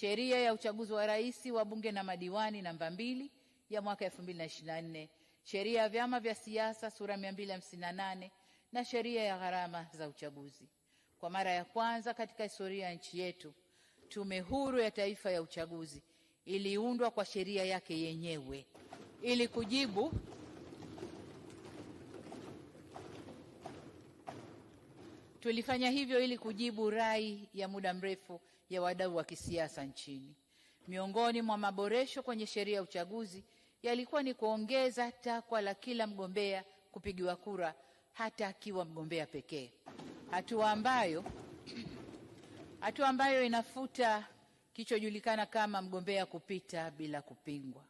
sheria ya uchaguzi wa rais wa bunge na madiwani namba mbili ya mwaka 2024, sheria ya vyama vya siasa sura 258 na sheria ya gharama za uchaguzi. Kwa mara ya kwanza katika historia ya nchi yetu, Tume Huru ya Taifa ya Uchaguzi iliundwa kwa sheria yake yenyewe ili kujibu Tulifanya hivyo ili kujibu rai ya muda mrefu ya wadau wa kisiasa nchini. Miongoni mwa maboresho kwenye sheria ya uchaguzi yalikuwa ni kuongeza takwa la kila mgombea kupigiwa kura hata akiwa mgombea pekee, hatua ambayo hatua ambayo inafuta kilichojulikana kama mgombea kupita bila kupingwa.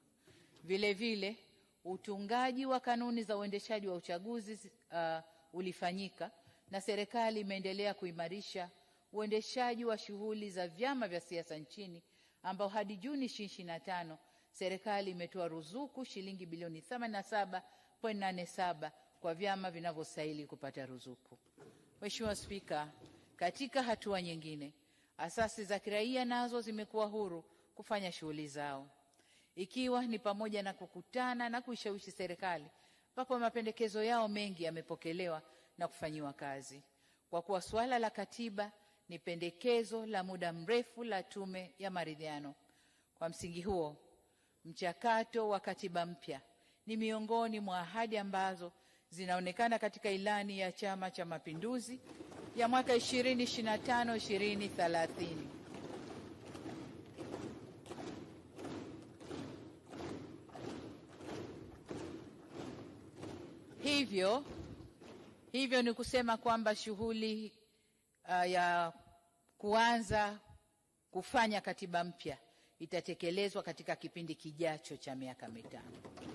Vile vile utungaji wa kanuni za uendeshaji wa uchaguzi uh, ulifanyika na serikali imeendelea kuimarisha uendeshaji wa shughuli za vyama vya siasa nchini ambao hadi Juni 2025 serikali imetoa ruzuku shilingi bilioni 87.87 kwa vyama vinavyostahili kupata ruzuku. Mheshimiwa Spika, katika hatua nyingine, asasi za kiraia nazo zimekuwa huru kufanya shughuli zao ikiwa ni pamoja na kukutana na kuishawishi serikali, ambapo mapendekezo yao mengi yamepokelewa na kufanyiwa kazi, kwa kuwa suala la katiba ni pendekezo la muda mrefu la Tume ya Maridhiano. Kwa msingi huo, mchakato wa katiba mpya ni miongoni mwa ahadi ambazo zinaonekana katika ilani ya Chama cha Mapinduzi ya mwaka 2025 2030. Hivyo Hivyo ni kusema kwamba shughuli uh, ya kuanza kufanya katiba mpya itatekelezwa katika kipindi kijacho cha miaka mitano.